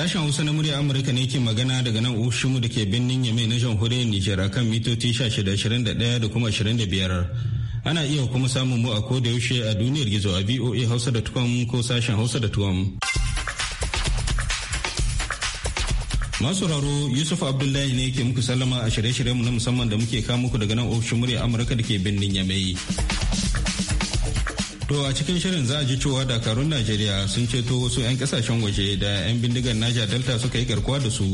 Sashen Hausa na murya Amurka ne ke magana daga nan Oshimu da ke birnin Yamai na jamhuriyar Nijar akan mitoci 1621 da kuma 25. Ana iya kuma samun mu a da yaushe a duniyar gizo a VOA Hausa da tukwam ko sashen Hausa da tukwam. Masu raro Yusuf Abdullahi ne ke muku sallama a shirye-shiryenmu na musamman da muke kawo muku daga nan ofishin murya Amurka da ke birnin Yamai. To a cikin shirin za a ji cewa dakarun Najeriya sun ceto wasu 'yan kasashen waje da 'yan bindigar Niger Delta suka yi garkuwa da su.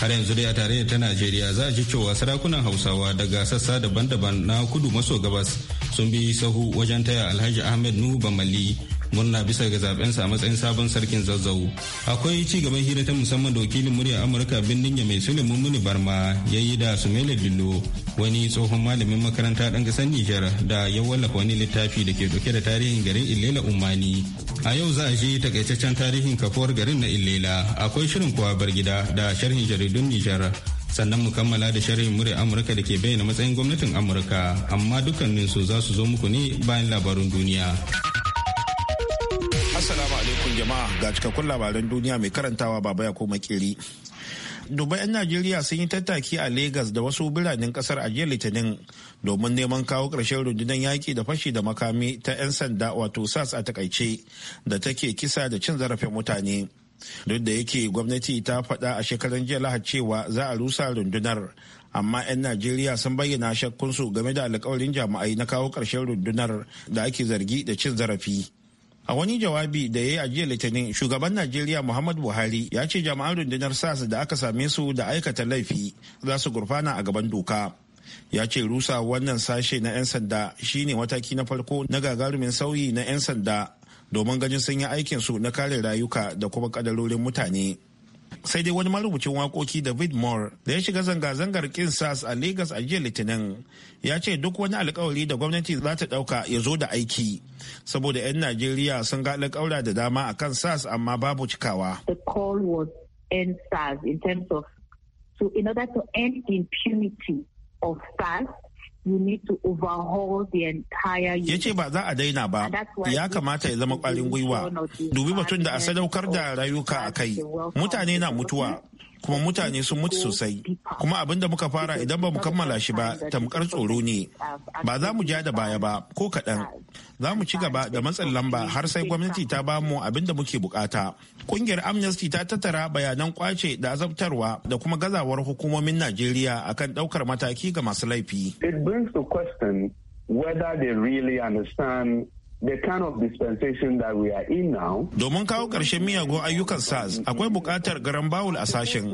Har yanzu dai a tarayyar ta Najeriya za a ji cewa sarakunan Hausawa daga sassa daban-daban na kudu maso gabas sun bi sahu wajen taya Alhaji Ahmed Nuhu Bamali murna bisa ga zabensa a matsayin sabon sarkin zazzau akwai ci gaban hira ta musamman da wakilin murya amurka bindin ya mai sule mummuni barma ya yi da sumele dillo wani tsohon malamin makaranta ɗan ƙasar nijar da ya wallafa wani littafi da ke ɗauke da tarihin garin ilela umani a yau za a je takaitaccen tarihin kafuwar garin na ilela akwai shirin kuwa bar gida da sharhin jaridun nijar sannan mu kammala da sharhin murya amurka da ke bayyana matsayin gwamnatin amurka amma dukkaninsu za su zo muku ne bayan labarun duniya. jama'a ga cikakkun labaran duniya mai karantawa baba ya koma kiri. Dubai 'yan Najeriya sun yi tattaki a Legas da wasu biranen kasar a jiya Litinin domin neman kawo ƙarshen rundunar yaƙi da fashi da makami ta 'yan sanda wato SAS a takaice da take kisa da cin zarafin mutane. Duk da yake gwamnati ta faɗa a shekaran jiya lahar cewa za a rusa rundunar, amma 'yan Najeriya sun bayyana shakkunsu game da alkawarin jami'ai na kawo ƙarshen rundunar da ake zargi da cin zarafi. A wani jawabi da ya yi a jiya Litinin, shugaban Najeriya Muhammadu Buhari ya ce jama'an rundunar SAS da aka same su da aikata laifi za su gurfana a gaban doka. Ya ce rusa wannan sashe na 'yan sanda shine mataki na farko na gagarumin sauyi na 'yan sanda domin ganin sun yi aikinsu na kare rayuka da kuma kadarorin mutane. sai dai wani marubucin wakoki david moore da ya shiga zanga-zangar kin sas a lagos a jiya litinin ya ce duk wani alkawari da gwamnati za ta dauka ya zo da aiki saboda 'yan najeriya sun ga alkawura da dama a kan sas amma babu cikawa in order to end the impunity of SARS, you to overhaul the entire Ya ce ba za a daina ba, ya kamata ya zama kwarin gwiwa. Dubi batun da a sadaukar da rayuka a kai. Mutane na mutuwa, kuma mutane sun mutu sosai kuma abin da muka fara idan ba mu kammala shi ba tamkar tsoro ne ba za mu ja da baya ba ko kaɗan za mu ci gaba da matsin lamba har sai gwamnati ta ba mu abin da muke bukata kungiyar amnesty ta tattara bayanan kwace da azabtarwa da kuma gazawar hukumomin najeriya akan ɗaukar mataki ga masu laifi it brings to question whether they really understand the dispensation that we Domin kawo ƙarshen miyagun ayyukan SARS akwai buƙatar garan bawul a sashen.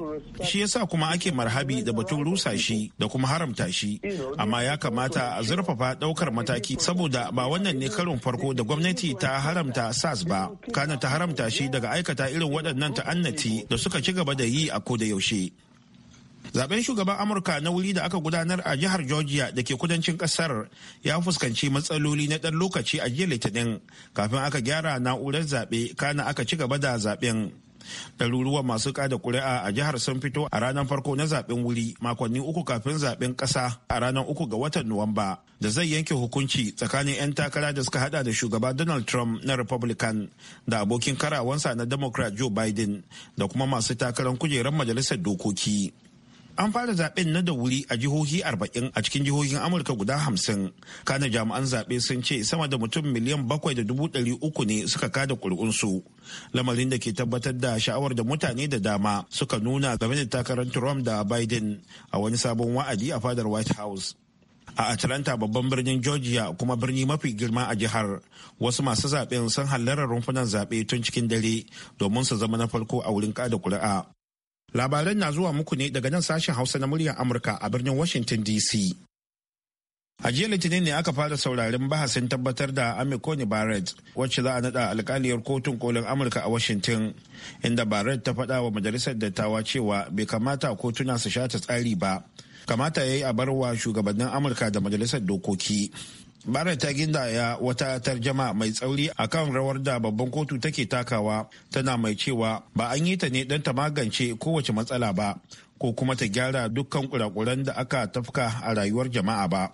Shi yasa kuma ake marhabi da batun rusa shi da kuma haramta shi. Amma ya kamata a zurfafa ɗaukar mataki saboda ba wannan ne karin farko da gwamnati ta haramta SARS ba. Kana ta haramta shi daga aikata irin waɗannan ta'annati da suka ci gaba da yi a ko da yaushe. zaben shugaban amurka na wuri da aka gudanar a jihar georgia da ke kudancin kasar ya fuskanci matsaloli na dan lokaci a jiya litinin kafin aka gyara na'urar zaɓe kana aka ci gaba da zaɓen ɗaruruwan masu kada kuri'a a jihar sun fito a ranar farko na zaben wuri makonni uku kafin zaben ƙasa a ranar uku ga watan nuwamba da zai yanke hukunci tsakanin 'yan takara da suka hada da shugaba donald trump na republican da abokin karawansa na democrat joe biden da kuma masu takarar kujerar majalisar dokoki an fara zaɓen na da wuri a jihohi 40 a cikin jihohin amurka guda hamsin kana jami'an zaɓe sun ce sama da mutum miliyan bakwai da dubu ɗari uku ne suka kada ƙuri'unsu lamarin da ke tabbatar da sha'awar da mutane da dama suka nuna game da takarar trump da biden a wani sabon wa'adi a fadar white house a atlanta babban birnin georgia kuma birni mafi girma a jihar wasu masu zaɓen sun hallara rumfunan zaɓe tun cikin dare domin su zama na farko a wurin kada kuri'a Labaran na zuwa muku ne daga nan sashen Hausa na muryar Amurka a birnin Washington DC. A jiya Litinin ne aka fara saurarin bahasin tabbatar da Coney Barrett wacce za a nada alkaliyar kotun kolin Amurka a Washington inda Barrett ta faɗa wa majalisar dattawa cewa bai kamata kotuna su shata tsari ba. Kamata ya yi a barwa shugabannin Amurka da majalisar dokoki. bara ta gindaya wata tarjama mai tsauri a kan rawar da babban kotu take takawa tana mai cewa ba an yi ta ne dan ta magance kowace matsala ba ko kuma ta gyara dukkan kurakuran da aka tafka a rayuwar jama'a ba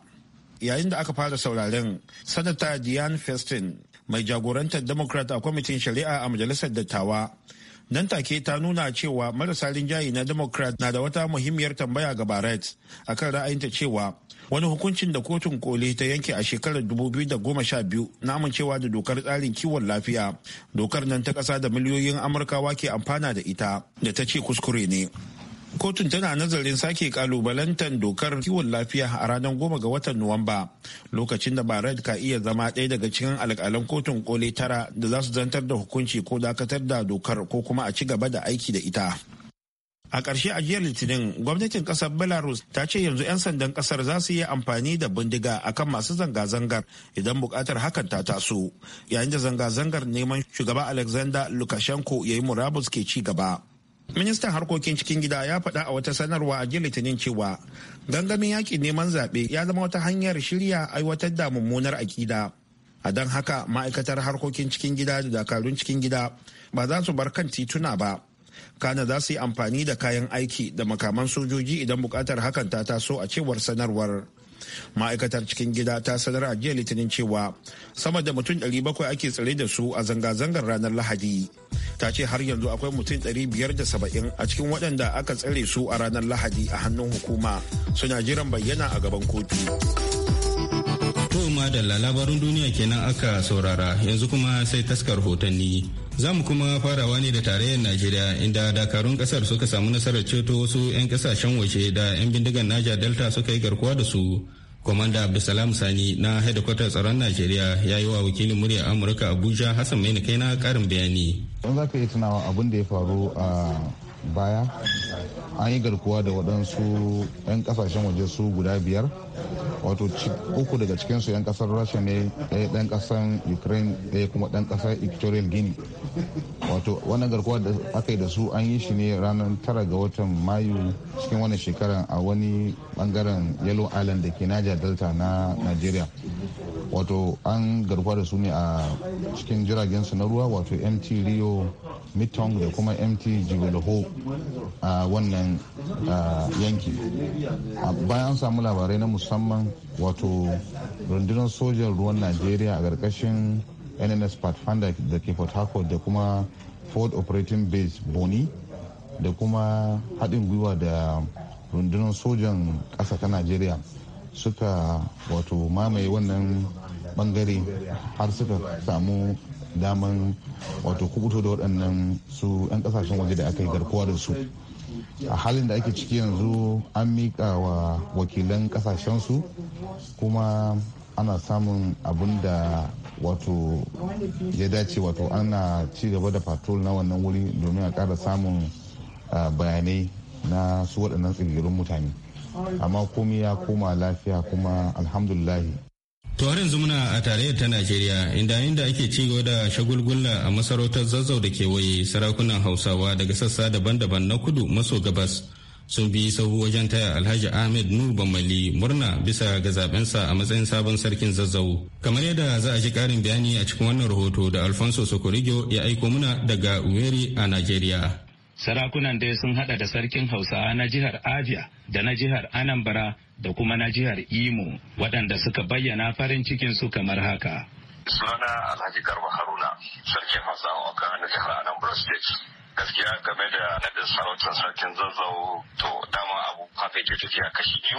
yayin da aka fara sauraren sanata diane festin mai jagorantar democrat a kwamitin shari'a a majalisar dattawa nan take ta nuna cewa marasa linjayi na democrat na da wata muhimmiyar tambaya ga barrett akan ra'ayinta cewa wani hukuncin da kotun koli ta yanke a shekarar 2012 na amincewa da dokar tsarin kiwon lafiya dokar nan ta kasa da miliyoyin amurkawa ke amfana da ita da ta ce kuskure ne kotun tana nazarin sake kalubalantar dokar kiwon lafiya a ranar goma ga watan nuwamba lokacin da barad ka iya zama ɗaya daga cikin alƙalan kotun kole tara da za su zantar da hukunci ko dakatar da dokar ko kuma a ci gaba da aiki da ita a ƙarshe a jiya litinin gwamnatin ƙasar belarus ta ce yanzu 'yan sandan ƙasar za su yi amfani da bindiga akan masu zanga-zangar idan buƙatar hakan ta taso yayin da zanga-zangar neman shugaba alexander lukashenko ya yi murabus ke ci gaba ministan harkokin cikin gida ya faɗa a wata sanarwa a jin litinin cewa gangamin yakin neman zaɓe ya zama wata hanyar shirya aiwatar da mummunar aƙida a don haka ma'aikatar harkokin cikin gida da dakarun cikin gida ba za su bar kan tituna ba kana za su yi amfani da kayan aiki da makaman sojoji idan buƙatar hakan ta taso a cewar sanarwar ma'aikatar cikin gida ta sanar a jiya litinin cewa sama da mutum 700 ake tsare da su a zanga-zangar ranar lahadi ta ce har yanzu akwai mutum 570 a cikin waɗanda aka tsare su a ranar lahadi a hannun hukuma suna jiran bayyana a gaban kotu. To da labarin duniya kenan aka saurara yanzu kuma sai taskar hotanni. Za mu kuma farawa ne da tarayyar Najeriya inda dakarun kasar suka samu nasarar ceto wasu 'yan kasashen waje da 'yan bindigan naja Delta suka yi garkuwa da su. Kwamanda Abdulsalam Sani na hedikwatar tsaron Najeriya ya yi wa wakilin murya Amurka Abuja Hassan mai na karin bayani. Don za ka yi tunawa abin da ya faru a baya an yi garkuwa da waɗansu 'yan kasashen waje su guda biyar wato uku daga cikinsu 'yan kasar rasha ne ɗaya ɗan ƙasar ukraine ɗaya kuma ɗan ƙasar equatorial guinea wato wannan garkuwa da aka yi da su an yi shi ne ranar tara ga watan mayu cikin wannan shekarar a wani bangaren yellow island da ke niger delta na nigeria wato an garkuwa da su ne a cikin jiragen su na ruwa wato mt rio mitong da kuma mt jibilho a wannan yanki bayan samu labarai na musamman wato rundunar sojan ruwan najeriya a ƙarƙashin nns pathfinder da ke port harcourt da kuma ford operating base boni da kuma haɗin gwiwa da rundunar sojan ƙasa ta najeriya suka wato mamaye wannan bangare har suka samu daman wato kubuto da waɗannan su 'yan ƙasashen waje da aka yi garkuwa da su a halin da ake ciki yanzu an miƙa wa wakilan ƙasashen su kuma ana samun abin da wato ya dace wato ana ci gaba da patrol na wannan wuri domin a kara samun ah, bayanai na su waɗannan tsibirin mutane amma komi ya koma lafiya kuma alhamdulahi tuwar yanzu muna a tarayyar ta najeriya inda inda ake ci gaba da shagulgulla a masarautar zazzau da kewaye sarakunan hausawa daga sassa daban-daban na kudu maso gabas sun bi sahu wajen taya alhaji ahmed nu bamali murna bisa ga zabensa a matsayin sabon sarkin zazzau kamar yadda za a ji karin bayani a cikin wannan rahoto da alfonso sokorigio ya aiko muna daga uweri a nigeria sarakunan dai sun hada da sarkin hausawa na jihar abia da na jihar anambra da kuma na jihar imo waɗanda suka bayyana farin cikin su kamar haka sunana alhaji garba haruna sarkin hausawa na jihar anambra state gaskiya game da naɗin sarautar sarkin zazzau to dama abu kafin ke tafiya kashi biyu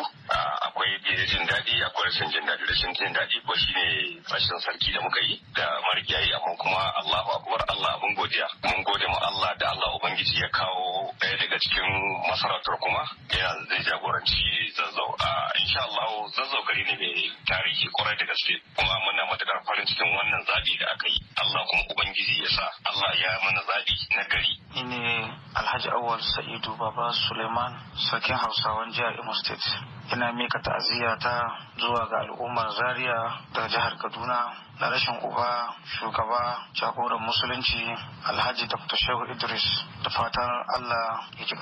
akwai jin daɗi akwai rashin jin daɗi rashin jin daɗi ko ne rashin sarki da muka yi da marigayi amma kuma Allahu akbar Allah mun godiya mun gode mu Allah da Allah ubangiji ya kawo ɗaya daga cikin masarautar kuma yana zai jagoranci zazzau insha Allah zazzau gari ne mai tarihi kwarai da gaske kuma muna matuƙar farin cikin wannan zaɓi da aka yi Allah kuma ubangiji ya sa Allah ya mana zaɓi na gari ne alhaji awal sa'idu baba suleiman sarkin hausawan jihar imo state ina mika ta'aziyya ta zuwa ga al'ummar zaria da jihar kaduna na rashin uba shugaba jagoran musulunci alhaji dr shehu idris da fatan allah ya ki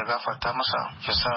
ya gafarta masa ya sa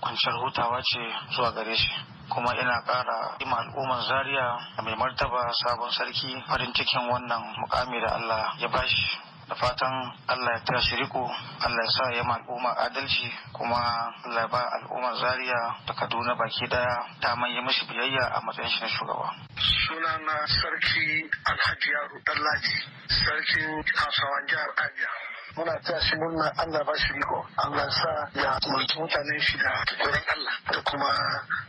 kwanciyar hutawa ce zuwa gare shi kuma ina ƙara ima al'ummar zaria da mai martaba sabon sarki farin cikin wannan mukami da allah ya bashi da fatan Allah ya tashi riko Allah ya sa ya ma al'umma adalci kuma Allah ba al'ummar Zaria da Kaduna baki daya ta manya mishi biyayya a matsayin shi na shugaba sunana sarki Alhaji Yaro Dallaji sarkin Hausawan jihar Abia muna ta shi murna Allah ba shi riko Allah sa ya mulki mutanen shi da tsoron Allah da kuma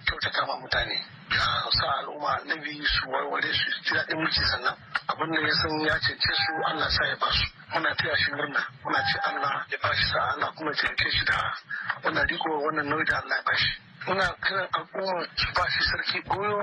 kyautata ma mutane ya sa al'umma annabi su warware su ji daɗin mulki sannan abin da ya san ya cece su Allah sa ya ba su muna ta shi murna muna ce Allah ya ba shi sa Allah kuma ya cece shi da wannan riko wannan nau'i da Allah ya ba shi muna kiran abubuwan su ba shi sarki goyo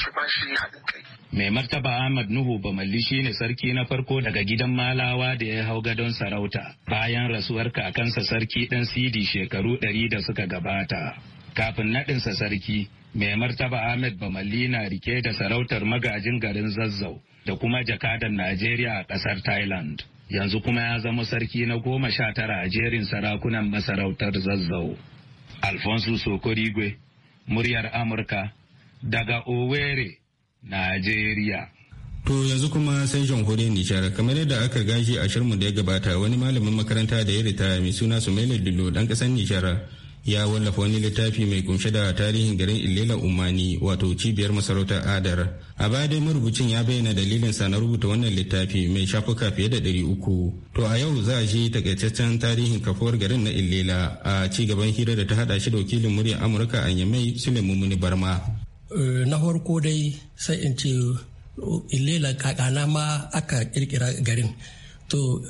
su ba shi haɗin kai. Mai martaba Ahmad Nuhu Bamalli shi ne sarki na farko daga gidan Malawa da ya hau gadon sarauta bayan rasuwar kakansa sarki ɗan Sidi shekaru ɗari da suka gabata. Kafin naɗinsa sarki, mai martaba Ahmad Bamalli na rike da sarautar magajin garin Zazzau da kuma jakadan Najeriya a ƙasar Thailand. Yanzu kuma ya zama sarki na goma sha tara a jerin sarakunan masarautar Zazzau. Alfonso Sokorigwe, muryar Amurka, daga Owerri, Najeriya. To yanzu kuma sai jamhuriyar Nijar kamar yadda aka gashi a shirmu da ya gabata wani malamin makaranta da ya rita mai suna sumailu Dullo dan kasar Nijar ya wallafa wani littafi mai kunshe da tarihin garin Ilela Umani wato cibiyar masarautar Adar. A baya dai marubucin ya bayyana dalilin sa na rubuta wannan littafi mai shafuka fiye da ɗari uku. To a yau za a je takaitaccen tarihin kafuwar garin na Ilela a ci gaban hira da ta haɗa shi da wakilin muryar Amurka a Yamai sule mumuni Barma. Eh, na farko dai sai in ce Ilela kakana ma aka kirkira garin. To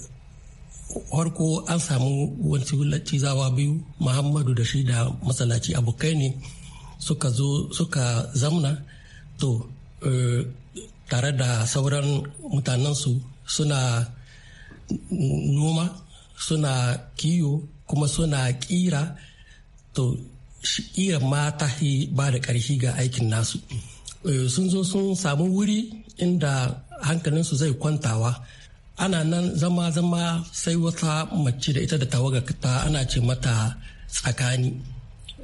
harko an samu wani cizawa biyu muhammadu da shi da matsalaci abokai ne suka zo suka zamna to eh, tare da sauran mutanensu suna noma suna kiyo kuma suna kira to kira ma ta ba da ƙarfi ga aikin nasu eh, sun zo sun samu wuri inda hankalinsu zai kwantawa ana nan zama-zama sai wata mace da ita da tawaga ta ana ce mata tsakani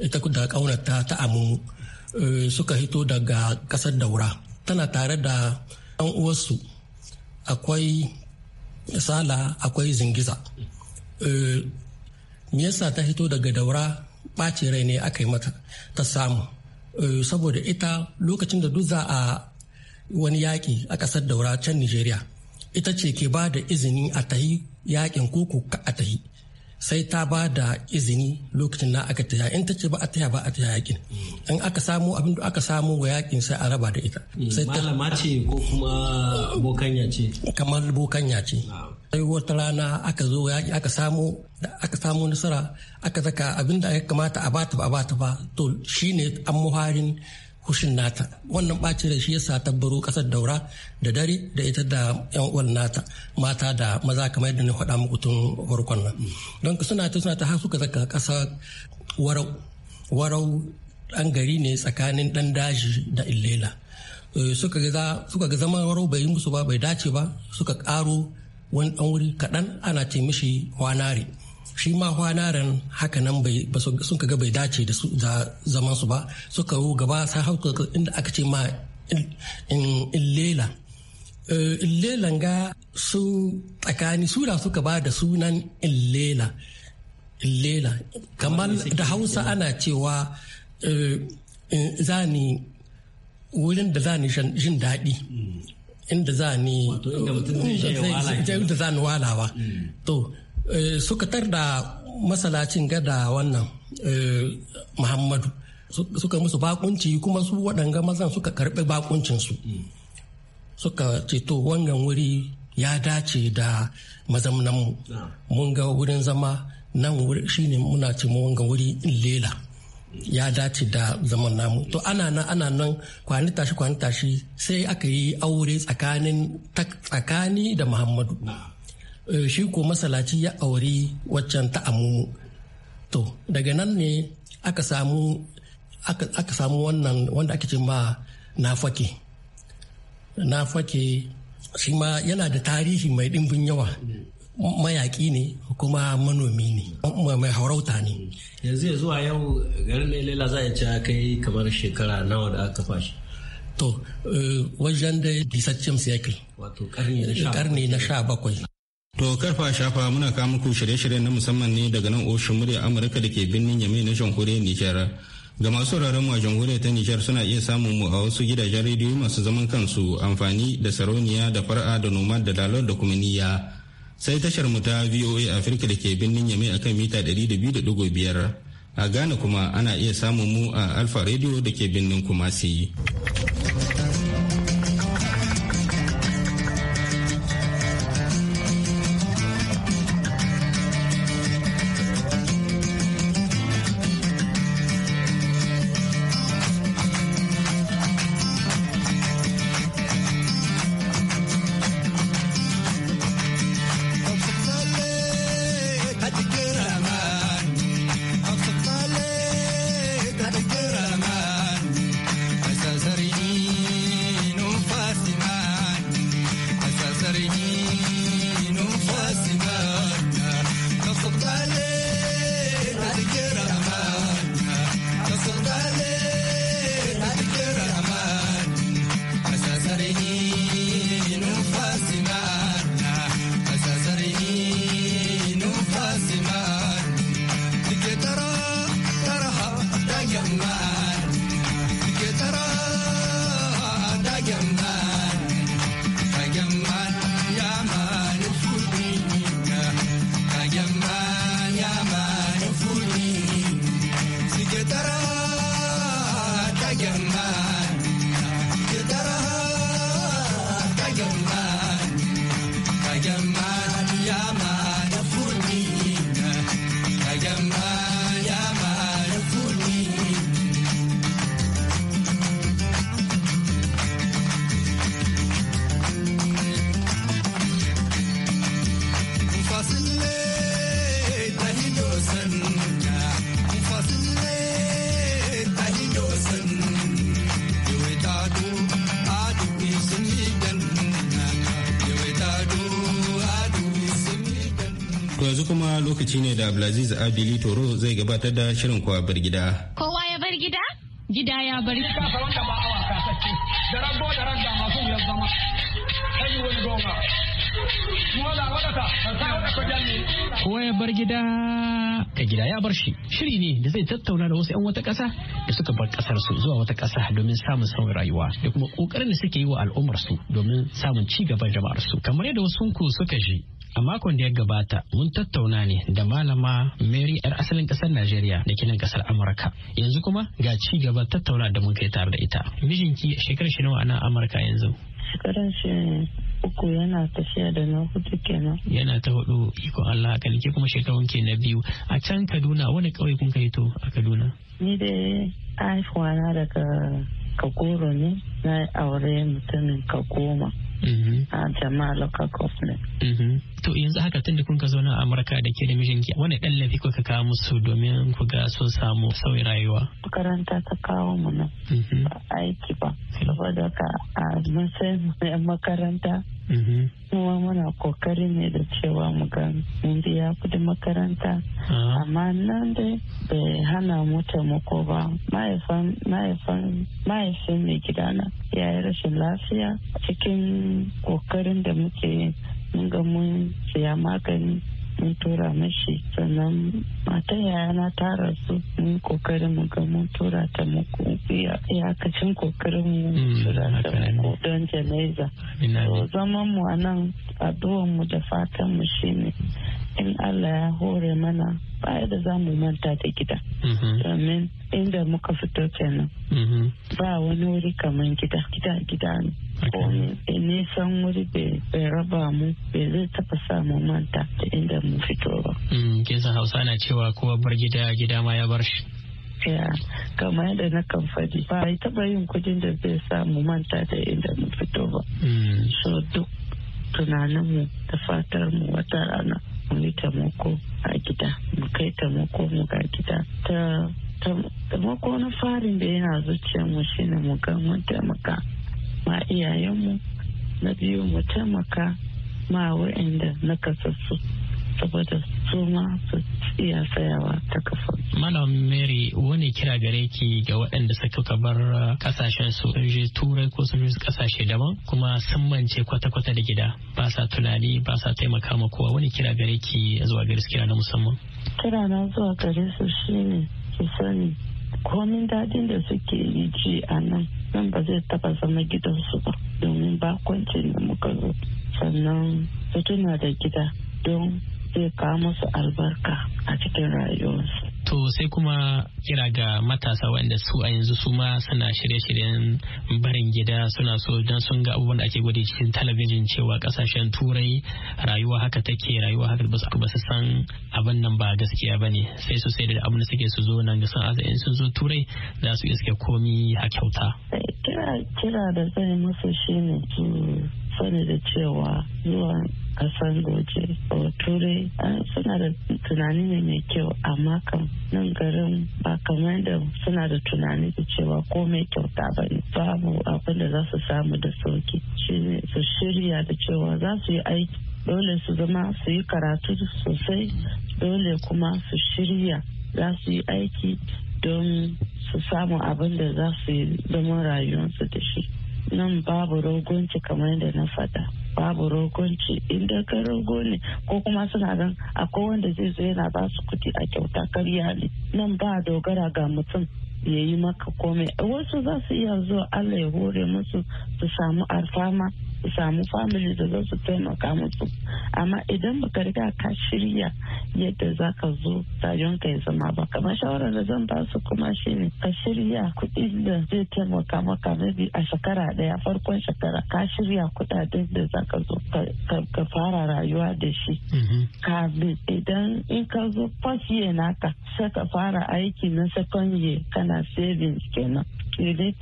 ita da kaunata ta amumu eh, suka hito daga kasar daura tana tare da an uwarsu akwai sala akwai zingiza eh, me yasa ta hito daga daura ɓace rai ne aka yi mata ta samu eh, saboda ita lokacin da duk za a wani yaƙi a ƙasar daura can nigeria ita ce ke ba da izini a tahi yakin koko ka a tahi sai ta ba da izini lokacin na aka taya in ta ce ba a taya ba a taya yakin in aka samu abin da aka samu wa yakin sai a raba da ita mm, sai malama ce ko kuma bokanya ce kamar bokanya ce ah. sai wata rana aka zo yaki aka samu da aka samu nasara aka zaka abin da ya kamata a bata ba a bata ba to shine an muharin hushin nata wannan bacin rai shi yasa ta baro ƙasar daura da dare da ita da yan uwan nata mata da maza kamar yadda na faɗa muku tun farkon nan don suna ta suna ta har suka zaka ƙasa warau warau ɗan gari ne tsakanin ɗan daji da illela eh, suka ga zaman warau bai yi musu ba bai dace ba suka ƙaro wani ɗan wuri kaɗan ana ce mishi wanare shi ma hwanaren haka nan bai sun kaga bai dace da su zaman su ba suka ru gaba sai hauka inda aka ce ma in eh, illela ga su tsakani su da suka ba da sunan illela illela kamar da hausa ana cewa eh, zani wurin da zani jin daɗi hmm. inda zani inda walawa hmm. to Eh, suka tar da masalacin gada wannan eh, muhammadu suka musu bakunci kuma su waɗanga mazan suka karɓi bakuncinsu suka ceto wannan wuri ya dace da mazamnanmu mun ga wurin zama nan shine muna ce wangan wuri lela ya dace da zaman namu to ana nan ana nan kwani tashi kwani tashi sai aka yi aure tsakanin tsakani da muhammadu Eh, shi ko masalaci ya auri waccan ta amumu to daga nan ne aka samu aka samu wannan wanda ake ce ma na fake na fake shi ma yana da tarihi mai ɗimbin yawa mayaƙi ne kuma manomi ne mai haurauta ne yanzu zuwa yau garin lela za a ci kai kamar shekara nawa da aka fashi to eh, wajen da disaccen cycle wato karni na sha bakwai To karfa shafa muna kawo muku shirye-shirye na musamman ne daga nan oshin murya Amurka da ke birnin Yamai na jamhuriyar Nijar. Ga masu sauraron mu a jamhuriyar ta Nijar suna iya samun mu a wasu gidajen rediyo masu zaman kansu amfani da sarauniya da far'a da noma da dalar da kuma niyya. Sai tashar mu ta VOA Afirka da ke birnin Yamai akan mita 200.5. A Ghana kuma ana iya samun mu a Alfa Radio da ke birnin Kumasi. lokaci ne da Abdulaziz abili Toro zai gabatar da shirin kowa bar gida. Kowa ya bar gida? Gida ya bar gida. Kowa ya bar gida ka gida ya bar shi. Shiri ne da zai tattauna da wasu 'yan wata ƙasa da suka bar ƙasar su zuwa wata ƙasa domin samun sauyin rayuwa da kuma ƙoƙarin da suke yi wa al'ummar su domin samun ci gaban jama'ar su. Kamar yadda wasu suka ji A makon da ya gabata mun tattauna ne da malama Mary yar asalin kasar Najeriya da kinan kasar Amurka. Yanzu kuma ga ci gaba tattauna da muka yi tare da ita. Mijinki shekarar shi nawa nan Amurka yanzu? Shekarar shi uku yana tafiya da na hudu kenan. Yana ta hudu iko Allah a ke kuma shekarun ke na biyu. A can Kaduna wani kawai kun kai to a Kaduna? Ni da haifuwa na daga Kagoro ne na aure mutumin Kagoma. Mm-hmm. A jama'a local government. Mm-hmm. To yanzu haka tun da kun ka zauna a Amurka da ke da mijinki wani ɗallafi kuka kawo musu domin ku ga sun samu sauyi rayuwa? Makaranta ta kawo mu nan mm-hmm. aiki ba. Mm-hmm. Saboda ka a matsayin yan makaranta kuma mm-hmm. muna kokari ne da cewa mu ga mun biya kudin makaranta ah. amma nan dai bai hana mu taimako ba mahaifin mai gidana ya yi rashin lafiya cikin kokarin da muke yi. mun ga mun siya magani mun tura mashi sannan mata yayana ta rasu mun kokarin mu ga mun tura ta muku iyakacin kokarin mu tura ta muku don janaiza zaman mu a addu'an mu da fatan mu shine in Allah ya hore mana baya da za mu manta da gida mm-hmm. domin inda muka fito kenan mm-hmm. ba wani wuri kamar gida gida gida ne nisan wuri bai raba mu bai zai taba sa mu manta da inda mu fito ba. Mm, Kinsan Hausa na cewa kowa bar gida gida ma ya bar shi. kamar yadda na kan faɗi ba a taɓa yin kudin da zai mu manta da inda mu fito ba mm. so duk tunaninmu da fatar mu wata rana mu yi taimako a gida mu kai taimako mu ga gida ta taimako na farin da yana zuciyar mu shine mu ga mun taimaka ma iyayenmu na biyu mu taimaka ma wa'anda na kasassu saboda su ma su iya sayawa ta kafa. Malam Mary wani kira gare ki ga waɗanda suka bar kasashen su sun je turai ko sun je kasashe daban kuma sun mance kwata-kwata da gida ba sa tunani ba sa taimaka ma kowa wani kira gare ki zuwa gare su kira na musamman. Kira na zuwa gare su shine su sani komin dadin da suke yi ji a nan nan ba zai taba zama gidansu ba domin kwanci da muka zo sannan su tuna da gida don zai kawo musu albarka a cikin rayuwarsu To sai kuma kira ga matasa waɗanda su a yanzu su ma suna shirye-shiryen barin gida suna so don sun ga abubuwan da ake gwada cikin talabijin cewa kasashen turai rayuwa haka take rayuwa haka ba su ba su san abin nan ba gaskiya ba ne sai su sai da abin da suke su zo nan ga san in sun zo turai za su iske komi a kyauta. Eh, kira da zai musu shine sani da cewa zuwa kasan goje a turai suna da tunani ne mai kyau amma kan nan garin ba kamar da suna da tunani da cewa komai kyauta ba ne babu abin da za su samu da sauki shine su shirya da cewa za su yi aiki dole su zama su yi karatu sosai dole kuma su shirya za su yi aiki don su samu abin da za su yi zaman rayuwarsu da shi nan babu rogonci kamar yadda na faɗa babu rogonci inda ka rogo ne ko kuma suna gan akwai wanda zai zo yana ba su kuɗi a kyauta karya ne nan ba dogara ga mutum ya yi maka komai wasu za su iya zuwa allah ya hore musu su samu alfama su samu family da za su taimaka musu amma idan baka riga ka shirya yadda za ka zo tajon ka ya zama ba kamar shawarar da zan ba su kuma shine ka shirya kuɗin da zai taimaka maka mabi a shekara ɗaya farkon shekara ka shirya kuɗaɗen da za ka zo ka fara rayuwa da shi mm-hmm. kafin idan in ka zo first naka sai ka fara aiki na second kana savings kenan shirye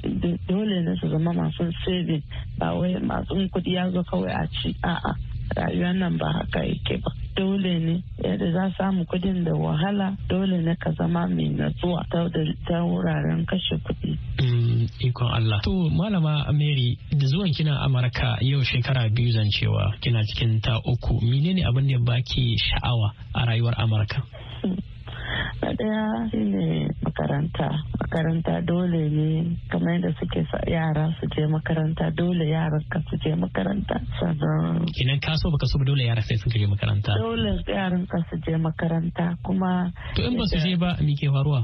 dole ne su zama masu saving ba wai eh, masu kudi ya zo kawai a ci a'a rayuwar nan ba haka yake ba dole ne yadda za samu kudin da wahala dole ne eh, ka zama mai natsuwa ta wuraren kashe kudi mm, ikon Allah. To malama Mary da zuwan kina Amurka yau shekara biyu zancewa kina cikin ta uku menene abin da baki sha'awa a rayuwar Amurka? na daya shine makaranta makaranta dole ne kamar yadda suke sa yara su je makaranta dole yaran ka su je makaranta sannan kinan ka so baka so dole yara sai su je makaranta dole yaran ka su je makaranta kuma to in ba su je ba me ke faruwa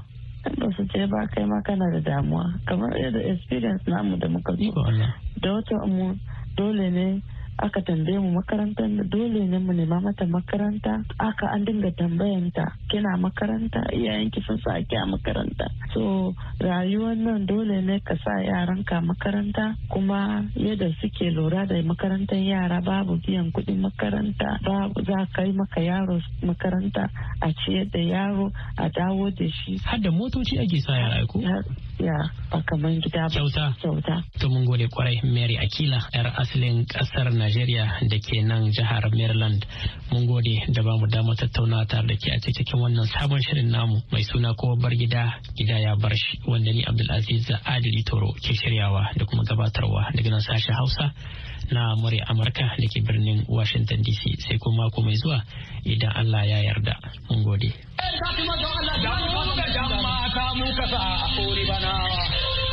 ba su je ba kai ma kana da damuwa kamar yadda experience namu da muka zo da wata mu dole ne aka tambaye mu makarantar dole ne mu nema mata makaranta aka an dinga tambayanta kina makaranta iyayenki sun sa ki a makaranta so rayuwar nan dole ne ka sa yaran ka makaranta kuma yadda suke lura da makarantar yara babu biyan kuɗin makaranta babu za kai maka yaro makaranta a ciyar da yaro a dawo da shi har da motoci ake sa yara ko ya gida ba kyauta kyauta to mun gode kwarai Mary Akila yar asalin kasar Najeriya da ke nan jihar Maryland mun gode da ba mu damar tattaunawa tare da ke a cikin wannan sabon shirin namu mai suna kowa bar gida gida ya bar shi wanda ni Abdulaziz Adili Toro ke shiryawa da kuma gabatarwa daga nan sashen Hausa na murya Amurka da ke birnin Washington DC sai kuma mako mai zuwa idan Allah ya yarda mun gode eh,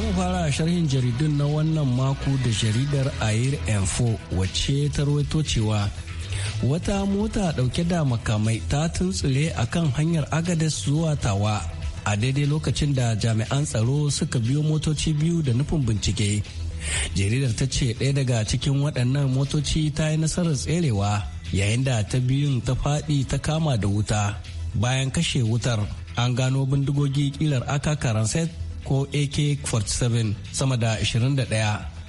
mu fara sharhin jaridun na wannan mako da jaridar Air Info wacce ta rawaito cewa wata mota dauke da makamai ta tuntsire a kan hanyar agadas zuwa Tawa a daidai lokacin da jami'an tsaro suka biyo motoci biyu da nufin bincike. Jaridar ta ce ɗaya daga cikin waɗannan motoci ta yi nasarar tserewa yayin da ta biyun ta faɗi ta kama da wuta. Bayan kashe wutar an gano bindigogi kilar akakaran set ko ak-47 sama da 21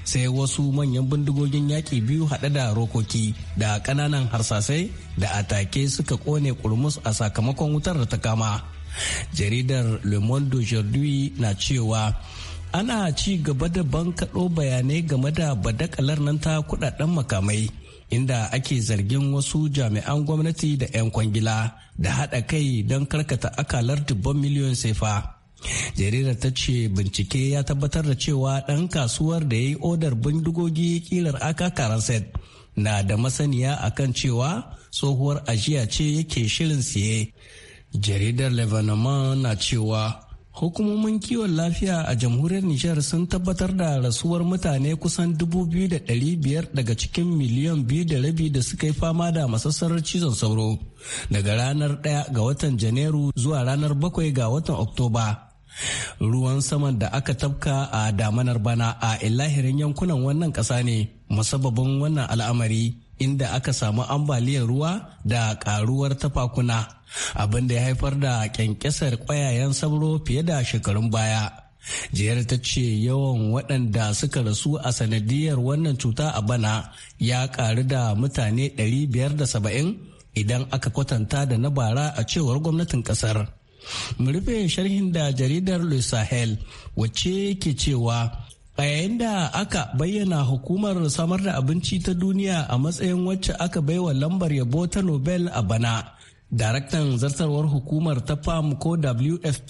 sai wasu manyan bindigogin yaƙi biyu haɗe da rokoki da ƙananan harsasai da atake suka ƙone ƙurmus a sakamakon wutar da ta kama jaridar le monde aujourd'hui na cewa ana ci gaba da bankaɗo bayanai game da badakalar nan ta kudaden makamai inda ake zargin wasu jami'an gwamnati da 'yan kwangila da haɗa kai don karkata akalar dubban miliyon sefa jaridar ta ce bincike ya tabbatar da cewa ɗan kasuwar da ya yi odar bindigogi kilar aka karaset na da masaniya akan cewa tsohuwar ajiya ce yake shirin siye jaridar lebanon na cewa hukumomin kiwon lafiya a jamhuriyar nijar sun tabbatar da rasuwar mutane kusan 2,500 daga cikin miliyan biyu da rabi da suka yi fama da masassarar cizon sauro daga ranar 1 ga watan janairu zuwa ranar bakwai ga watan oktoba ruwan saman da aka tabka a damanar bana a ilahirin yankunan wannan ƙasa ne musabbabin wannan al'amari inda aka samu ambaliyar ruwa da karuwar tafakuna abin da ya haifar da kyankyasar kwayayen sabro fiye da shekarun baya jiyar ta ce yawan waɗanda suka rasu a sanadiyar wannan cuta a bana ya ƙaru da mutane 570 idan aka kwatanta da na bara a cewar gwamnatin ƙasar. Mu rufe sharhin da jaridar Le Sahel wacce ke cewa a yayin da aka bayyana hukumar samar da abinci ta duniya a matsayin wacce aka baiwa lambar yabo ta Nobel a bana. Daraktan zartarwar hukumar ta FAM ko WFP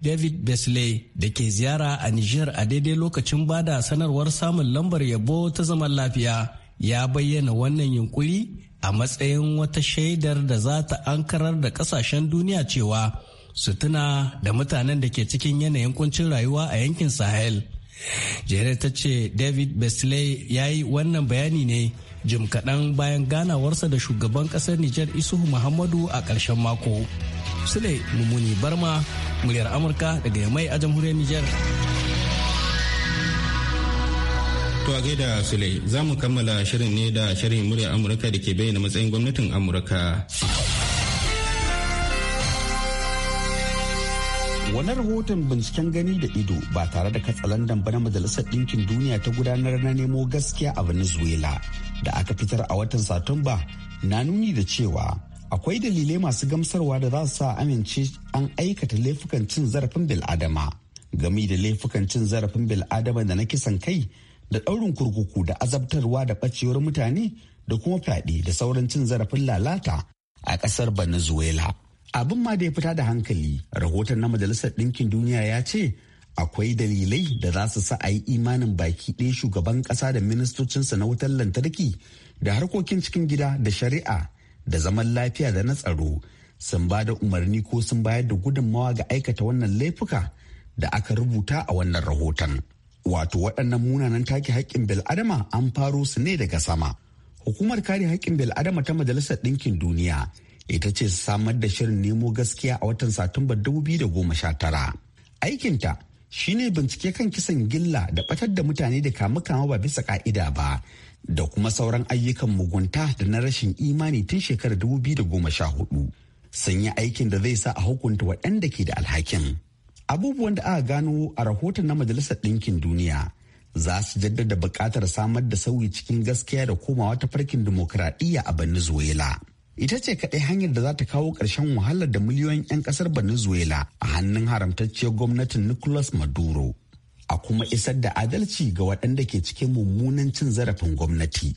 David Besley da ke ziyara a Niger a daidai lokacin bada sanarwar samun lambar yabo ta zaman lafiya ya bayyana wannan yunkuri a matsayin wata shaidar da za ta ankarar da kasashen duniya cewa su tuna da mutanen da ke cikin yanayin kuncin rayuwa a yankin sahel jere ta ce david besley ya yi wannan bayani ne jim kaɗan bayan ganawarsa da shugaban ƙasar nijar isuhu muhammadu a ƙarshen mako sule mummuni barma muryar amurka daga yamai a jamhuriyar nijar To a gaida Sule, za mu kammala shirin ne da shirin murya Amurka da ke bayyana matsayin gwamnatin Amurka. wani rahoton binciken gani da ido ba tare da katsalandan ba na majalisar ɗinkin duniya ta gudanar na nemo gaskiya a venezuela da aka fitar a watan satumba na nuni da cewa akwai dalilai masu gamsarwa da za su sa amince an aikata laifukan cin zarafin bil'adama gami da laifukan cin zarafin bil'adama da na kisan kai da ɗaurin kurkuku da azabtarwa da ɓacewar mutane da kuma fyaɗe da sauran cin zarafin lalata a ƙasar venezuela abin ma da ya fita da hankali rahoton na majalisar ɗinkin duniya ya ce akwai dalilai da za su sa a yi imanin baki ɗaya shugaban ƙasa da ministocinsa na wutar lantarki da harkokin cikin gida da shari'a da zaman lafiya da na tsaro sun ba da umarni ko sun bayar da gudunmawa ga aikata wannan laifuka da aka rubuta a wannan rahoton wato waɗannan munanan take haƙƙin bil'adama an faro su ne daga sama hukumar kare haƙƙin bil'adama ta majalisar ɗinkin duniya ita ce samar da shirin nemo gaskiya a watan satumba 2019 aikinta shine bincike kan kisan gilla da batar da mutane da kama-kama ba bisa ka'ida ba da kuma sauran ayyukan mugunta da na rashin imani tun shekarar 2014 sun yi aikin da zai sa a hukunta waɗanda ke da alhakin abubuwan da aka gano a rahoton na majalisar ɗinkin duniya za su jaddada buƙatar samar da sauyi cikin gaskiya da komawa ta farkin dimokuraɗiyya a venezuela ita ce kaɗai hanyar da za ta kawo ƙarshen wahalar da miliyoyin 'yan ƙasar venezuela a hannun haramtacciyar gwamnatin nicolas maduro a kuma isar da adalci ga waɗanda ke cikin mummunan cin zarafin gwamnati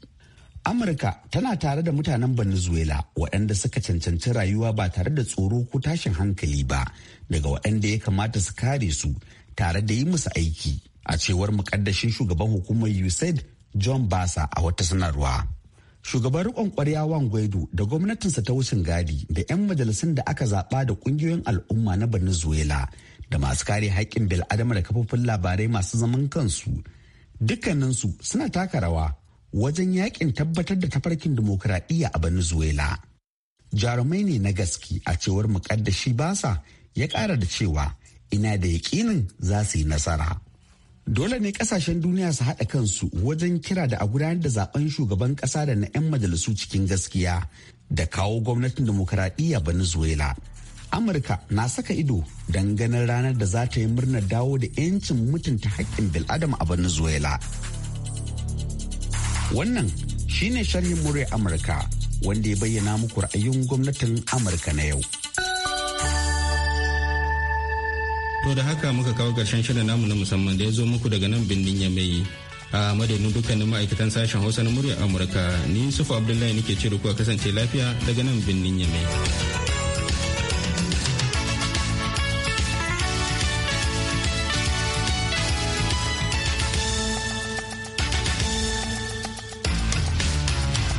amurka tana tare da mutanen venezuela waɗanda suka cancanci rayuwa ba tare da tsoro ko tashin hankali ba daga waɗanda ya kamata su kare su tare da yi musu aiki a cewar mukaddashin shugaban hukumar usaid john basa a wata sanarwa shugaban rikon kwarya wan gwaido da gwamnatinsa ta wucin gadi da 'yan majalisun da aka zaɓa da ƙungiyoyin al'umma na venezuela da masu kare haƙƙin bil'adama da kafofin labarai masu zaman kansu dukkaninsu suna taka rawa wajen yakin tabbatar da tafarkin dimokuraɗiyya a venezuela jarumai ne na gaske a cewar mukaddashi basa ya ƙara da cewa ina da yaƙinin za su yi nasara Dole ne kasashen duniya su haɗa kansu wajen kira da a gudanar da zaben shugaban ƙasa da na 'yan majalisu cikin gaskiya da kawo gwamnatin demokuraɗiyya Venezuela. Amurka na saka ido don ganin ranar da za ta yi murnar dawo da 'yancin mutunta haƙƙin biladam a Venezuela. Wannan shine sharhin murya Amurka wanda ya bayyana muku ra'ayin gwamnatin Amurka na yau. To da haka muka kawo ƙarshen shirin namu na musamman da ya zo muku daga nan birnin Yamai. A madadin dukkanin ma'aikatan sashen Hausa na muryar Amurka, ni Sufa Abdullahi nake ce da kuwa kasance lafiya daga nan birnin Yamai.